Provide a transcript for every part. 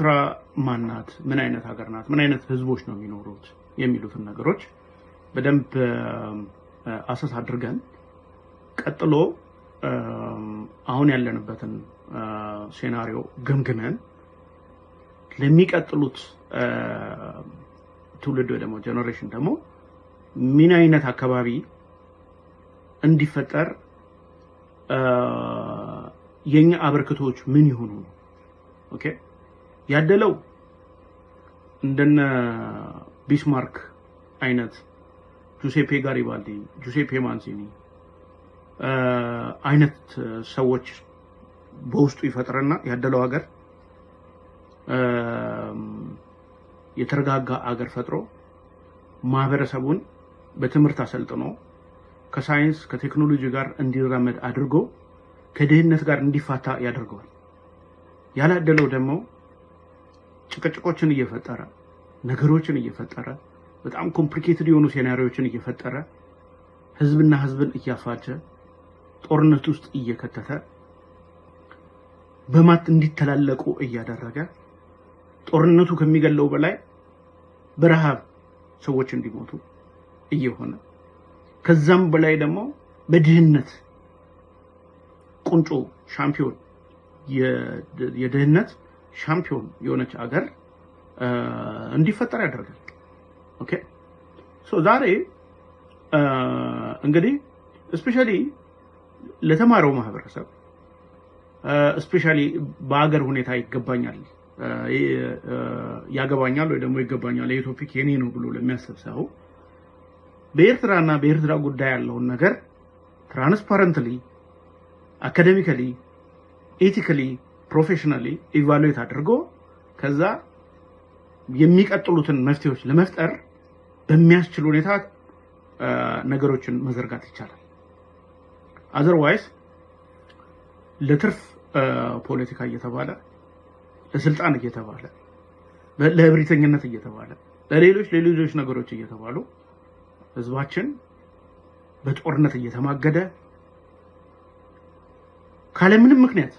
ኤርትራ ማናት? ምን አይነት ሀገር ናት? ምን አይነት ህዝቦች ነው የሚኖሩት? የሚሉትን ነገሮች በደንብ አሰስ አድርገን ቀጥሎ አሁን ያለንበትን ሴናሪዮ ገምግመን ለሚቀጥሉት ትውልድ ወይ ደግሞ ጀኔሬሽን ደግሞ ምን አይነት አካባቢ እንዲፈጠር የኛ አበርክቶች ምን ይሆኑ ነው? ኦኬ ያደለው እንደነ ቢስማርክ አይነት ጁሴፔ ጋሪባልዲ፣ ጁሴፔ ማንሲኒ አይነት ሰዎች በውስጡ ይፈጥረና ያደለው ሀገር የተረጋጋ አገር ፈጥሮ ማህበረሰቡን በትምህርት አሰልጥኖ ከሳይንስ ከቴክኖሎጂ ጋር እንዲራመድ አድርጎ ከድህነት ጋር እንዲፋታ ያደርገዋል። ያላደለው ደግሞ ጭቅጭቆችን እየፈጠረ ነገሮችን እየፈጠረ በጣም ኮምፕሊኬትድ የሆኑ ሴናሪዎችን እየፈጠረ ህዝብና ህዝብን እያፋጨ ጦርነት ውስጥ እየከተተ በማት እንዲተላለቁ እያደረገ ጦርነቱ ከሚገለው በላይ በረሃብ ሰዎች እንዲሞቱ እየሆነ ከዛም በላይ ደግሞ በድህነት ቁንጮ ሻምፒዮን የድህነት ሻምፒዮን የሆነች አገር እንዲፈጠር ያደርጋል። ኦኬ ሶ ዛሬ እንግዲህ እስፔሻሊ ለተማረው ማህበረሰብ እስፔሻሊ በሀገር ሁኔታ ይገባኛል ያገባኛል ወይ ደግሞ ይገባኛል ይሄ ቶፒክ የኔ ነው ብሎ ለሚያስብ ሰው በኤርትራና በኤርትራ ጉዳይ ያለውን ነገር ትራንስፓረንትሊ አካደሚካሊ ኤቲካሊ ፕሮፌሽናሊ ኢቫሉዌት አድርጎ ከዛ የሚቀጥሉትን መፍትሄዎች ለመፍጠር በሚያስችል ሁኔታ ነገሮችን መዘርጋት ይቻላል። አዘርዋይስ ለትርፍ ፖለቲካ እየተባለ ለስልጣን እየተባለ ለእብሪተኝነት እየተባለ ለሌሎች ለሌሎች ነገሮች እየተባሉ ህዝባችን በጦርነት እየተማገደ ካለምንም ምክንያት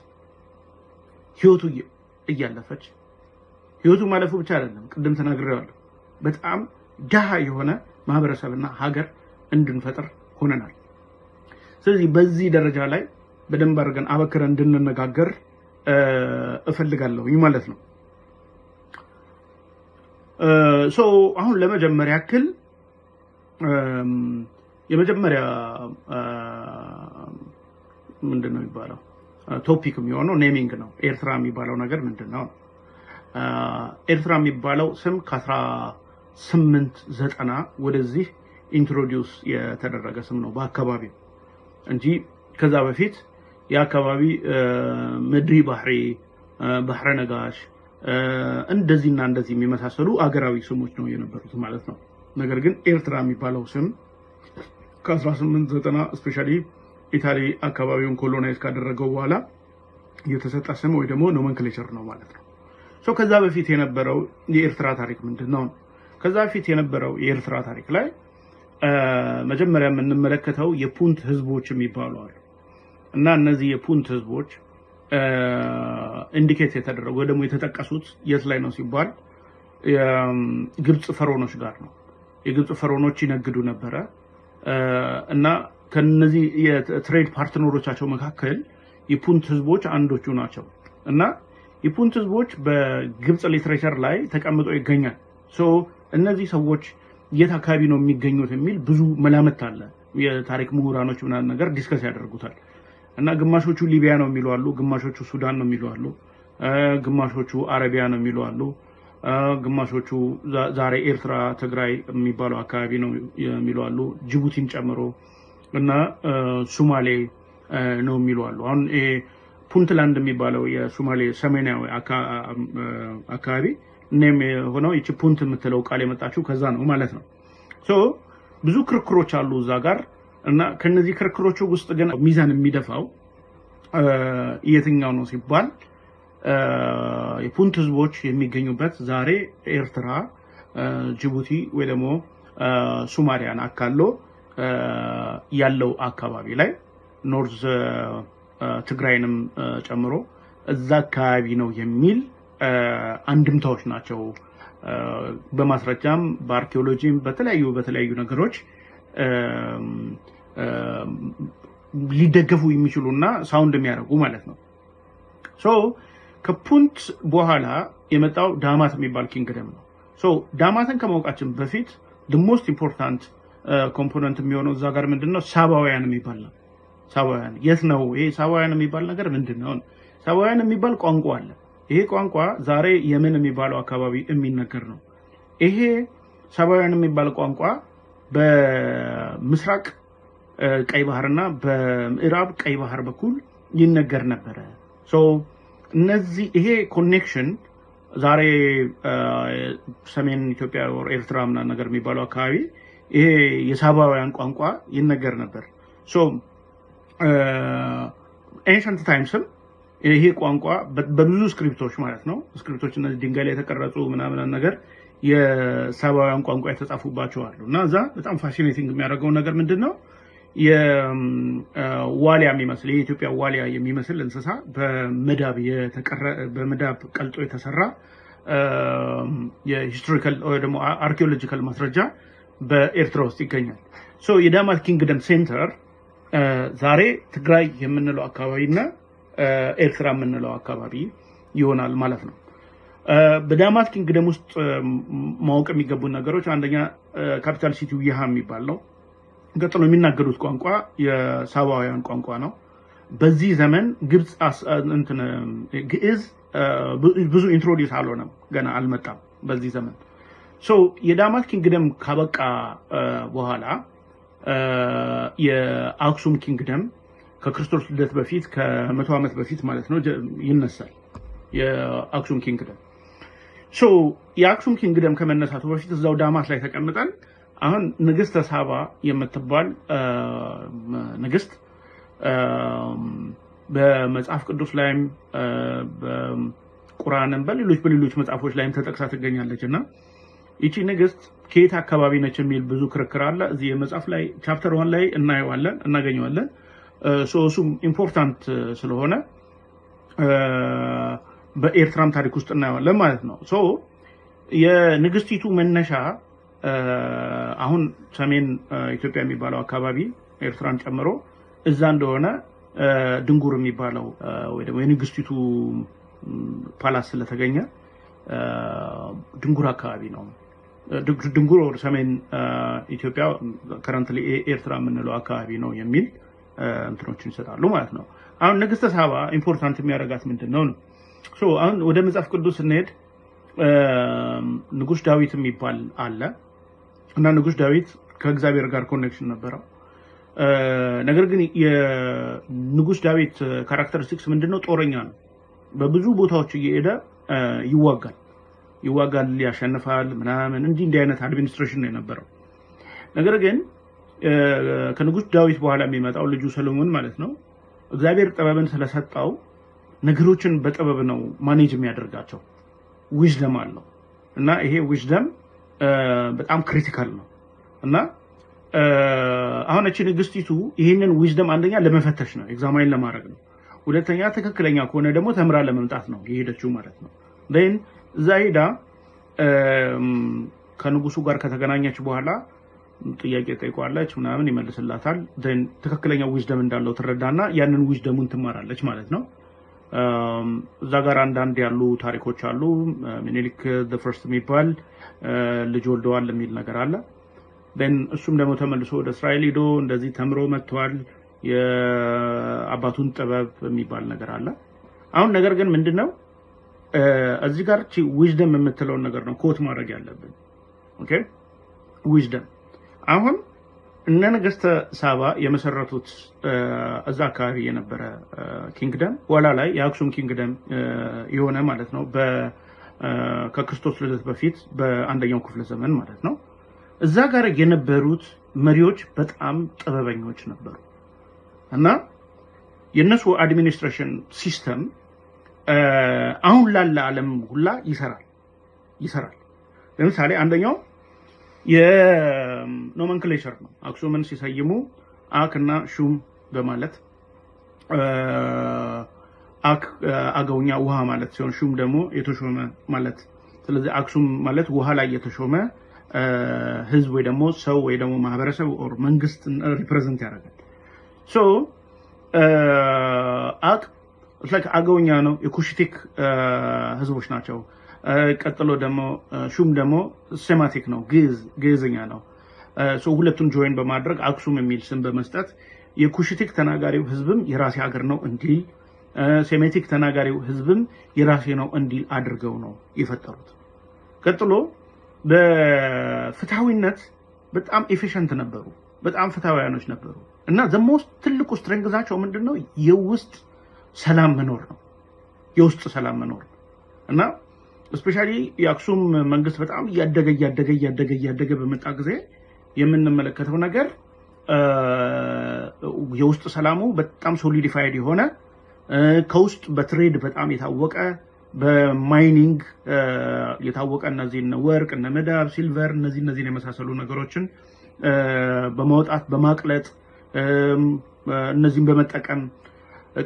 ህይወቱ እያለፈች ህይወቱ ማለፉ ብቻ አይደለም፣ ቅድም ተናግሬዋለሁ። በጣም ድሃ የሆነ ማህበረሰብና ሀገር እንድንፈጥር ሆነናል። ስለዚህ በዚህ ደረጃ ላይ በደንብ አድርገን አበክረን እንድንነጋገር እፈልጋለሁኝ ማለት ነው። ሶ አሁን ለመጀመሪያ ያክል የመጀመሪያ ምንድን ነው የሚባለው ቶፒክ የሚሆነው ኔሚንግ ነው። ኤርትራ የሚባለው ነገር ምንድን ነው? ኤርትራ የሚባለው ስም ከአስራ ስምንት ዘጠና ወደዚህ ኢንትሮዲውስ የተደረገ ስም ነው በአካባቢው እንጂ ከዛ በፊት የአካባቢ ምድሪ ባህሪ፣ ባህረ ነጋሽ እንደዚህና እንደዚህ የሚመሳሰሉ አገራዊ ስሞች ነው የነበሩት ማለት ነው። ነገር ግን ኤርትራ የሚባለው ስም ከ1890 ስፔሻሊ ኢታሊ አካባቢውን ኮሎናይዝ ካደረገው በኋላ የተሰጠ ስም ወይ ደግሞ ኖመንክሌቸር ነው ማለት ነው። ሶ ከዛ በፊት የነበረው የኤርትራ ታሪክ ምንድን ነው? ከዛ በፊት የነበረው የኤርትራ ታሪክ ላይ መጀመሪያ የምንመለከተው የፑንት ህዝቦች የሚባሉ አሉ እና እነዚህ የፑንት ህዝቦች ኢንዲኬት የተደረጉ ወይ ደግሞ የተጠቀሱት የት ላይ ነው ሲባል ግብፅ ፈሮኖች ጋር ነው። የግብፅ ፈሮኖች ይነግዱ ነበረ እና ከነዚህ የትሬድ ፓርትነሮቻቸው መካከል የፑንት ህዝቦች አንዶቹ ናቸው እና የፑንት ህዝቦች በግብፅ ሊትሬቸር ላይ ተቀምጦ ይገኛል። እነዚህ ሰዎች የት አካባቢ ነው የሚገኙት የሚል ብዙ መላምት አለ። የታሪክ ምሁራኖች ምናምን ነገር ዲስከስ ያደርጉታል እና ግማሾቹ ሊቢያ ነው የሚሉ አሉ፣ ግማሾቹ ሱዳን ነው የሚሉ አሉ፣ ግማሾቹ አረቢያ ነው የሚሉ አሉ፣ ግማሾቹ ዛሬ ኤርትራ፣ ትግራይ የሚባለው አካባቢ ነው የሚሉ አሉ፣ ጅቡቲን ጨምሮ እና ሱማሌ ነው የሚሉ አሉ። አሁን ፑንትላንድ የሚባለው የሱማሌ ሰሜናዊ አካባቢ እኔም የሆነው ይቺ ፑንት የምትለው ቃል የመጣችው ከዛ ነው ማለት ነው። ብዙ ክርክሮች አሉ እዛ ጋር እና ከነዚህ ክርክሮች ውስጥ ግን ሚዛን የሚደፋው የትኛው ነው ሲባል የፑንት ህዝቦች የሚገኙበት ዛሬ ኤርትራ፣ ጅቡቲ ወይ ደግሞ ሱማሊያን አካሎ ያለው አካባቢ ላይ ኖርዝ ትግራይንም ጨምሮ እዛ አካባቢ ነው የሚል አንድምታዎች ናቸው። በማስረጃም በአርኪኦሎጂም በተለያዩ በተለያዩ ነገሮች ሊደገፉ የሚችሉ እና ሳውንድ የሚያደርጉ ማለት ነው። ሶ ከፑንት በኋላ የመጣው ዳማት የሚባል ኪንግደም ነው። ዳማትን ከማውቃችን በፊት ሞስት ኢምፖርታንት ኮምፖነንት የሚሆነው እዛ ጋር ምንድን ነው? ሳባውያን የሚባል ነው። ሳባውያን የት ነው ይሄ ሳባውያን የሚባል ነገር ምንድን ነው? ሳባውያን የሚባል ቋንቋ አለ። ይሄ ቋንቋ ዛሬ የምን የሚባለው አካባቢ የሚነገር ነው። ይሄ ሳባውያን የሚባል ቋንቋ በምስራቅ ቀይ ባህርና በምዕራብ ቀይ ባህር በኩል ይነገር ነበረ። እነዚህ ይሄ ኮኔክሽን ዛሬ ሰሜን ኢትዮጵያ ኤርትራ ምናምን ነገር የሚባለው አካባቢ ይሄ የሳባውያን ቋንቋ ይነገር ነበር። ሶ ኤንሸንት ታይምስም ይሄ ቋንቋ በብዙ ስክሪፕቶች ማለት ነው ስክሪፕቶች እነዚህ ድንጋይ ላይ የተቀረጹ ምናምን ነገር የሳባውያን ቋንቋ የተጻፉባቸው አሉ እና እዛ በጣም ፋሲኔቲንግ የሚያደርገው ነገር ምንድን ነው? የዋሊያ የሚመስል የኢትዮጵያ ዋሊያ የሚመስል እንስሳ በመዳብ በመዳብ ቀልጦ የተሰራ የሂስትሪካል ወይ ደግሞ አርኪኦሎጂካል ማስረጃ በኤርትራ ውስጥ ይገኛል። የዳማት ኪንግደም ሴንተር ዛሬ ትግራይ የምንለው አካባቢና ኤርትራ የምንለው አካባቢ ይሆናል ማለት ነው። በዳማት ኪንግደም ውስጥ ማወቅ የሚገቡ ነገሮች አንደኛ ካፒታል ሲቲው ውያሃ የሚባል ነው። ቀጥሎ የሚናገሩት ቋንቋ የሳባውያን ቋንቋ ነው። በዚህ ዘመን ግብፅ ግዕዝ ብዙ ኢንትሮዲስ አልሆነም፣ ገና አልመጣም በዚህ ዘመን ሶ የዳማት ኪንግደም ካበቃ በኋላ የአክሱም ኪንግደም ከክርስቶስ ልደት በፊት ከመቶ ዓመት በፊት ማለት ነው ይነሳል። የአክሱም ኪንግደም የአክሱም ኪንግደም ከመነሳቱ በፊት እዛው ዳማት ላይ ተቀምጠን አሁን ንግስተ ሳባ የምትባል ንግስት በመጽሐፍ ቅዱስ ላይም በቁርአንም በሌሎች በሌሎች መጽሐፎች ላይም ተጠቅሳ ትገኛለች እና ይቺ ንግስት ከየት አካባቢ ነች የሚል ብዙ ክርክር አለ። እዚህ የመጽሐፍ ላይ ቻፕተር ዋን ላይ እናየዋለን እናገኘዋለን። እሱም ኢምፖርታንት ስለሆነ በኤርትራም ታሪክ ውስጥ እናየዋለን ማለት ነው። ሶ የንግስቲቱ መነሻ አሁን ሰሜን ኢትዮጵያ የሚባለው አካባቢ ኤርትራን ጨምሮ እዛ እንደሆነ ድንጉር የሚባለው ወይ ደግሞ የንግስቲቱ ፓላስ ስለተገኘ ድንጉር አካባቢ ነው ድንጉር ወደ ሰሜን ኢትዮጵያ ከረንት ኤርትራ የምንለው አካባቢ ነው የሚል እንትኖችን ይሰጣሉ ማለት ነው። አሁን ንግስተ ሳባ ኢምፖርታንት የሚያደርጋት ምንድን ነው ነው አሁን ወደ መጽሐፍ ቅዱስ ስንሄድ ንጉስ ዳዊት የሚባል አለ እና ንጉስ ዳዊት ከእግዚአብሔር ጋር ኮኔክሽን ነበረው። ነገር ግን የንጉስ ዳዊት ካራክተሪስቲክስ ሲክስ ምንድነው ጦረኛ ነው። በብዙ ቦታዎች እየሄደ ይዋጋል። ይዋጋል፣ ያሸንፋል ምናምን እንዲህ እንዲህ አይነት አድሚኒስትሬሽን ነው የነበረው። ነገር ግን ከንጉስ ዳዊት በኋላ የሚመጣው ልጁ ሰሎሞን ማለት ነው እግዚአብሔር ጥበብን ስለሰጠው ነገሮችን በጥበብ ነው ማኔጅ የሚያደርጋቸው ዊዝደም አለው እና ይሄ ዊዝደም በጣም ክሪቲካል ነው እና አሁን እቺ ንግስቲቱ ይህንን ዊዝደም አንደኛ ለመፈተሽ ነው ኤግዛማይን ለማድረግ ነው። ሁለተኛ ትክክለኛ ከሆነ ደግሞ ተምራ ለመምጣት ነው የሄደችው ማለት ነው። ዛይዳ ከንጉሱ ጋር ከተገናኘች በኋላ ጥያቄ ጠይቋለች፣ ምናምን ይመልስላታል። ትክክለኛ ዊዝደም እንዳለው ትረዳና ያንን ዊዝደሙን ትማራለች ማለት ነው። እዛ ጋር አንዳንድ ያሉ ታሪኮች አሉ። ሚኒሊክ ፈርስት የሚባል ልጅ ወልደዋል የሚል ነገር አለ። እሱም ደግሞ ተመልሶ ወደ እስራኤል ሂዶ እንደዚህ ተምሮ መጥተዋል። የአባቱን ጥበብ የሚባል ነገር አለ። አሁን ነገር ግን ምንድን ነው እዚህ ጋር ዊዝደም የምትለውን ነገር ነው ኮት ማድረግ ያለብን። ኦኬ ዊዝደም አሁን እነ ነገስተ ሳባ የመሰረቱት እዛ አካባቢ የነበረ ኪንግደም ዋላ ላይ የአክሱም ኪንግደም የሆነ ማለት ነው። ከክርስቶስ ልደት በፊት በአንደኛው ክፍለ ዘመን ማለት ነው። እዛ ጋር የነበሩት መሪዎች በጣም ጥበበኞች ነበሩ እና የእነሱ አድሚኒስትሬሽን ሲስተም አሁን ላለ ዓለም ሁላ ይሰራል ይሰራል። ለምሳሌ አንደኛው የኖመንክሌቸር ነው። አክሱምን ሲሰይሙ አክና ሹም በማለት አክ አገውኛ ውሃ ማለት ሲሆን ሹም ደግሞ የተሾመ ማለት። ስለዚህ አክሱም ማለት ውሃ ላይ የተሾመ ህዝብ ወይ ደግሞ ሰው ወይ ደግሞ ማህበረሰብ ኦር መንግስት ሪፕሬዘንት ያደርጋል። ሶ አክ ላይክ አገውኛ ነው የኩሽቲክ ህዝቦች ናቸው። uh, ቀጥሎ ደግሞ uh, ሹም ደግሞ ሴማቲክ ነው፣ ግዕዝኛ ነው። uh, ሁለቱን ጆይን በማድረግ አክሱም የሚል ስም በመስጠት የኩሽቲክ ተናጋሪው ህዝብም የራሴ ሀገር ነው እንዲል፣ ሴሜቲክ ተናጋሪው ህዝብም የራሴ ነው እንዲል አድርገው ነው የፈጠሩት። ቀጥሎ በፍትሐዊነት በጣም ኤፊሽንት ነበሩ። በጣም ፍትሐውያኖች ነበሩ እና ዘሞስ ትልቁ ስትረንግዛቸው ምንድን ነው የውስጥ ሰላም መኖር ነው፣ የውስጥ ሰላም መኖር ነው እና እስፔሻሊ የአክሱም መንግስት በጣም እያደገ እያደገ እያደገ እያደገ በመጣ ጊዜ የምንመለከተው ነገር የውስጥ ሰላሙ በጣም ሶሊዲፋይድ የሆነ ከውስጥ በትሬድ በጣም የታወቀ በማይኒንግ የታወቀ እነዚህ ወርቅ እነ መዳብ ሲልቨር እነዚህ እነዚህን የመሳሰሉ ነገሮችን በማውጣት በማቅለጥ እነዚህን በመጠቀም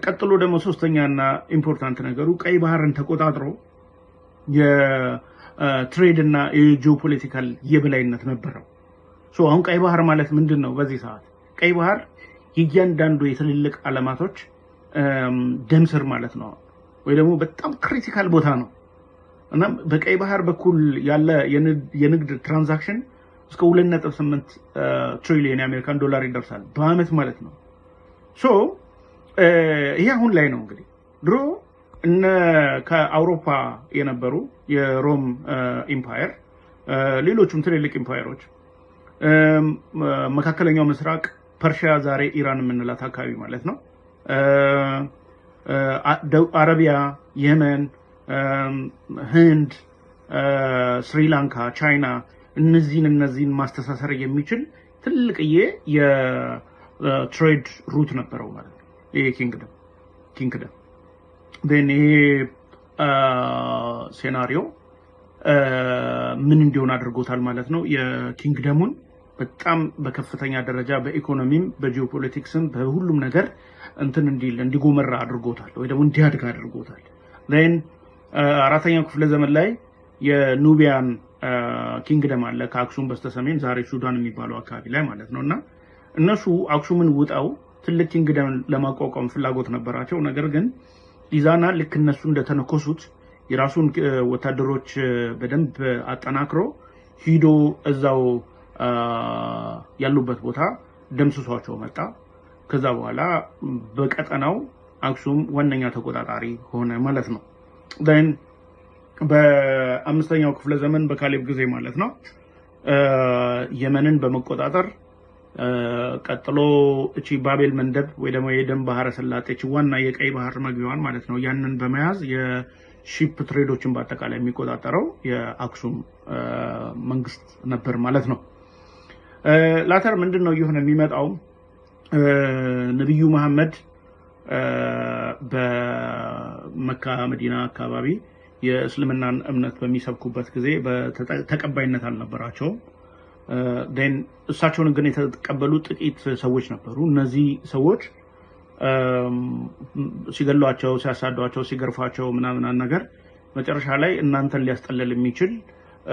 ቀጥሎ ደግሞ ሶስተኛና ኢምፖርታንት ነገሩ ቀይ ባህርን ተቆጣጥሮ የትሬድ እና የጂኦፖለቲካል የበላይነት ነበረው። አሁን ቀይ ባህር ማለት ምንድን ነው? በዚህ ሰዓት ቀይ ባህር የእያንዳንዱ የትልልቅ አለማቶች ደም ስር ማለት ነው፣ ወይ ደግሞ በጣም ክሪቲካል ቦታ ነው። እናም በቀይ ባህር በኩል ያለ የንግድ ትራንዛክሽን እስከ 2.8 ትሪሊዮን የአሜሪካን ዶላር ይደርሳል በአመት ማለት ነው ሶ ይህ አሁን ላይ ነው እንግዲህ ድሮ እነ ከአውሮፓ የነበሩ የሮም ኢምፓየር፣ ሌሎቹም ትልልቅ ኢምፓየሮች፣ መካከለኛው ምስራቅ፣ ፐርሺያ ዛሬ ኢራን የምንላት አካባቢ ማለት ነው፣ አረቢያ፣ የመን፣ ህንድ፣ ስሪላንካ፣ ቻይና እነዚህን እነዚህን ማስተሳሰር የሚችል ትልቅዬ የትሬድ ሩት ነበረው ማለት ነው። ይሄ ኪንግደም ኪንግደም ን ይሄ ሴናሪዮ ምን እንዲሆን አድርጎታል ማለት ነው። የኪንግደሙን በጣም በከፍተኛ ደረጃ በኢኮኖሚም በጂኦፖለቲክስም በሁሉም ነገር እንትን እንዲል እንዲጎመራ አድርጎታል፣ ወይ ደግሞ እንዲያድግ አድርጎታል። ን አራተኛው ክፍለ ዘመን ላይ የኑቢያን ኪንግደም አለ ከአክሱም በስተሰሜን ዛሬ ሱዳን የሚባለው አካባቢ ላይ ማለት ነው እና እነሱ አክሱምን ውጠው ትልቅ እንግዳን ለማቋቋም ፍላጎት ነበራቸው። ነገር ግን ኢዛና ልክ እነሱ እንደተነኮሱት የራሱን ወታደሮች በደንብ አጠናክሮ ሂዶ እዛው ያሉበት ቦታ ደምስሷቸው መጣ። ከዛ በኋላ በቀጠናው አክሱም ዋነኛ ተቆጣጣሪ ሆነ ማለት ነው። ን በአምስተኛው ክፍለ ዘመን በካሌብ ጊዜ ማለት ነው የመንን በመቆጣጠር ቀጥሎ እቺ ባቤል መንደብ ወይ ደግሞ የደን ባህረ ሰላጤ ዋና የቀይ ባህር መግቢዋን ማለት ነው። ያንን በመያዝ የሺፕ ትሬዶችን በአጠቃላይ የሚቆጣጠረው የአክሱም መንግስት ነበር ማለት ነው። ላተር ምንድን ነው እየሆነ የሚመጣው? ነቢዩ መሐመድ በመካ መዲና አካባቢ የእስልምናን እምነት በሚሰብኩበት ጊዜ ተቀባይነት አልነበራቸውም። Uh, እሳቸውን ግን የተቀበሉ ጥቂት ሰዎች ነበሩ። እነዚህ ሰዎች um, ሲገሏቸው፣ ሲያሳዷቸው፣ ሲገርፏቸው ምናምናን ነገር መጨረሻ ላይ እናንተን ሊያስጠለል የሚችል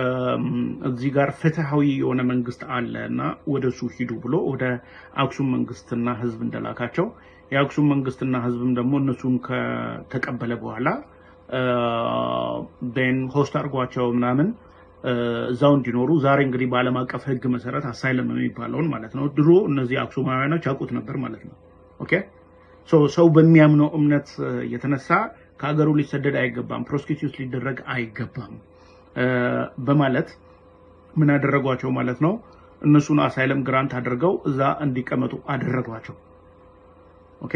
um, እዚህ ጋር ፍትሐዊ የሆነ መንግስት አለ እና ወደሱ ሂዱ ብሎ ወደ አክሱም መንግስትና ህዝብ እንደላካቸው የአክሱም መንግስትና ህዝብም ደግሞ እነሱን ከተቀበለ በኋላ ሆስት uh, አድርጓቸው ምናምን እዛው እንዲኖሩ ዛሬ እንግዲህ በዓለም አቀፍ ሕግ መሰረት አሳይለም የሚባለውን ማለት ነው ድሮ እነዚህ አክሱማውያኖች ያውቁት ነበር ማለት ነው። ኦኬ ሰው በሚያምነው እምነት የተነሳ ከሀገሩ ሊሰደድ አይገባም፣ ፕሮስኪቲዩስ ሊደረግ አይገባም በማለት ምን አደረጓቸው ማለት ነው። እነሱን አሳይለም ግራንት አድርገው እዛ እንዲቀመጡ አደረጓቸው። ኦኬ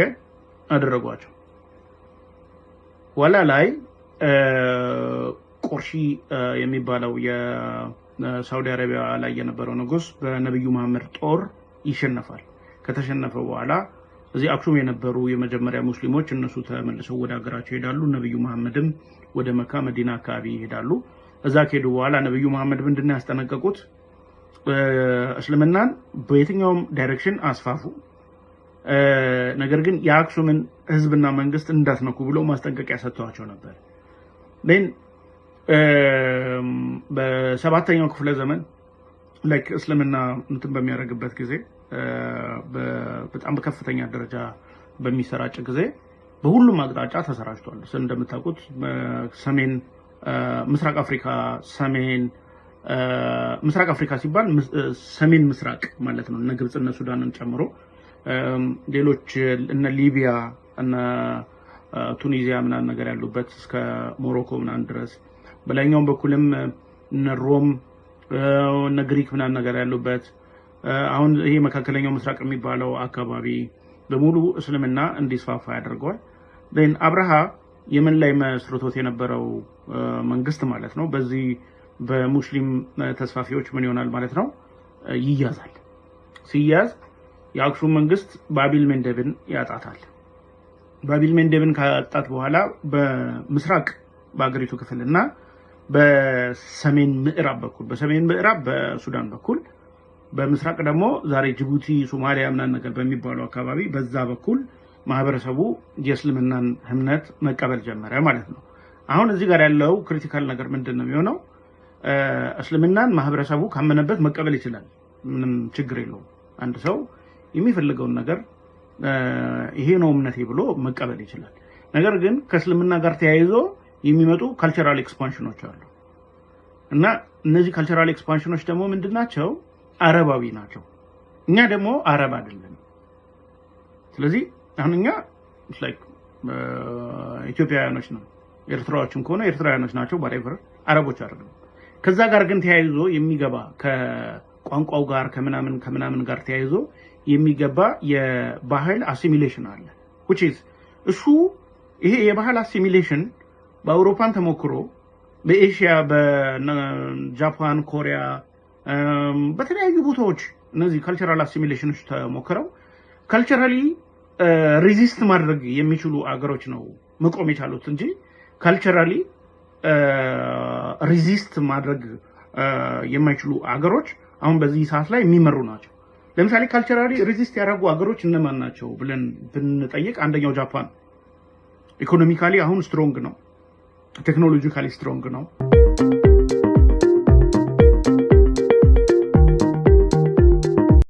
አደረጓቸው። ኋላ ላይ ቆርሺ የሚባለው የሳውዲ አረቢያ ላይ የነበረው ንጉስ በነቢዩ መሐመድ ጦር ይሸነፋል። ከተሸነፈ በኋላ እዚህ አክሱም የነበሩ የመጀመሪያ ሙስሊሞች እነሱ ተመልሰው ወደ ሀገራቸው ይሄዳሉ። ነቢዩ መሐመድም ወደ መካ መዲና አካባቢ ይሄዳሉ። እዛ ከሄዱ በኋላ ነቢዩ መሐመድ ምንድን ነው ያስጠነቀቁት? እስልምናን በየትኛውም ዳይሬክሽን አስፋፉ፣ ነገር ግን የአክሱምን ህዝብና መንግስት እንዳትነኩ ብሎ ማስጠንቀቂያ ሰጥተዋቸው ነበር። በሰባተኛው ክፍለ ዘመን ላይክ እስልምና እንትን በሚያደርግበት ጊዜ በጣም በከፍተኛ ደረጃ በሚሰራጭ ጊዜ በሁሉም አቅጣጫ ተሰራጭቷል። እንደምታውቁት ሰሜን ምስራቅ አፍሪካ ሰሜን ምስራቅ አፍሪካ ሲባል ሰሜን ምስራቅ ማለት ነው። እነ ግብፅ እነ ሱዳንን ጨምሮ ሌሎች እነ ሊቢያ እነ ቱኒዚያ ምናምን ነገር ያሉበት እስከ ሞሮኮ ምናምን ድረስ በላይኛውም በኩልም እነ ሮም እነ ግሪክ ምናምን ነገር ያሉበት አሁን ይሄ መካከለኛው ምስራቅ የሚባለው አካባቢ በሙሉ እስልምና እንዲስፋፋ ያደርገዋል። ን አብርሃ የምን ላይ መስርቶት የነበረው መንግስት ማለት ነው። በዚህ በሙስሊም ተስፋፊዎች ምን ይሆናል ማለት ነው? ይያዛል። ሲያዝ የአክሱም መንግስት ባቢል መንደብን ያጣታል። ባቢል መንደብን ካጣት በኋላ በምስራቅ በሀገሪቱ ክፍል እና በሰሜን ምዕራብ በኩል በሰሜን ምዕራብ በሱዳን በኩል በምስራቅ ደግሞ ዛሬ ጅቡቲ፣ ሶማሊያ ምናምን ነገር በሚባለው አካባቢ በዛ በኩል ማህበረሰቡ የእስልምናን እምነት መቀበል ጀመረ ማለት ነው። አሁን እዚህ ጋር ያለው ክሪቲካል ነገር ምንድን ነው የሚሆነው? እስልምናን ማህበረሰቡ ካመነበት መቀበል ይችላል። ምንም ችግር የለውም። አንድ ሰው የሚፈልገውን ነገር ይሄ ነው እምነቴ ብሎ መቀበል ይችላል። ነገር ግን ከእስልምና ጋር ተያይዞ የሚመጡ ካልቸራል ኤክስፓንሽኖች አሉ እና እነዚህ ካልቸራል ኤክስፓንሽኖች ደግሞ ምንድን ናቸው? አረባዊ ናቸው። እኛ ደግሞ አረብ አይደለም። ስለዚህ አሁን እኛ uh, ኢትዮጵያውያኖች ነው፣ ኤርትራዎችም ከሆነ ኤርትራውያኖች ናቸው፣ ባሬቨር አረቦች አይደለም። ከዛ ጋር ግን ተያይዞ የሚገባ ከቋንቋው ጋር ከምናምን ከምናምን ጋር ተያይዞ የሚገባ የባህል አሲሚሌሽን አለ። ውች ኢዝ እሱ ይሄ የባህል አሲሚሌሽን በአውሮፓን ተሞክሮ በኤሽያ በጃፓን፣ ኮሪያ፣ በተለያዩ ቦታዎች እነዚህ ካልቸራል አሲሚሌሽኖች ተሞክረው ካልቸራሊ ሪዚስት ማድረግ የሚችሉ አገሮች ነው መቆም የቻሉት እንጂ ካልቸራሊ ሪዚስት ማድረግ የማይችሉ አገሮች አሁን በዚህ ሰዓት ላይ የሚመሩ ናቸው። ለምሳሌ ካልቸራሊ ሪዚስት ያደረጉ አገሮች እነማን ናቸው ብለን ብንጠይቅ አንደኛው ጃፓን ኢኮኖሚካሊ አሁን ስትሮንግ ነው። ቴክኖሎጂካሊ ስትሮንግ ነው።